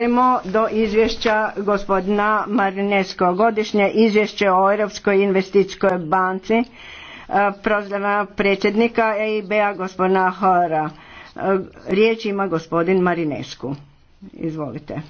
Idemo do izvješća gospodina Marinesko. Godišnje izvješće o Europskoj investicijskoj banci e, prozdrava predsjednika EIB-a gospodina Hora. E, riječ ima gospodin Marinesku. Izvolite.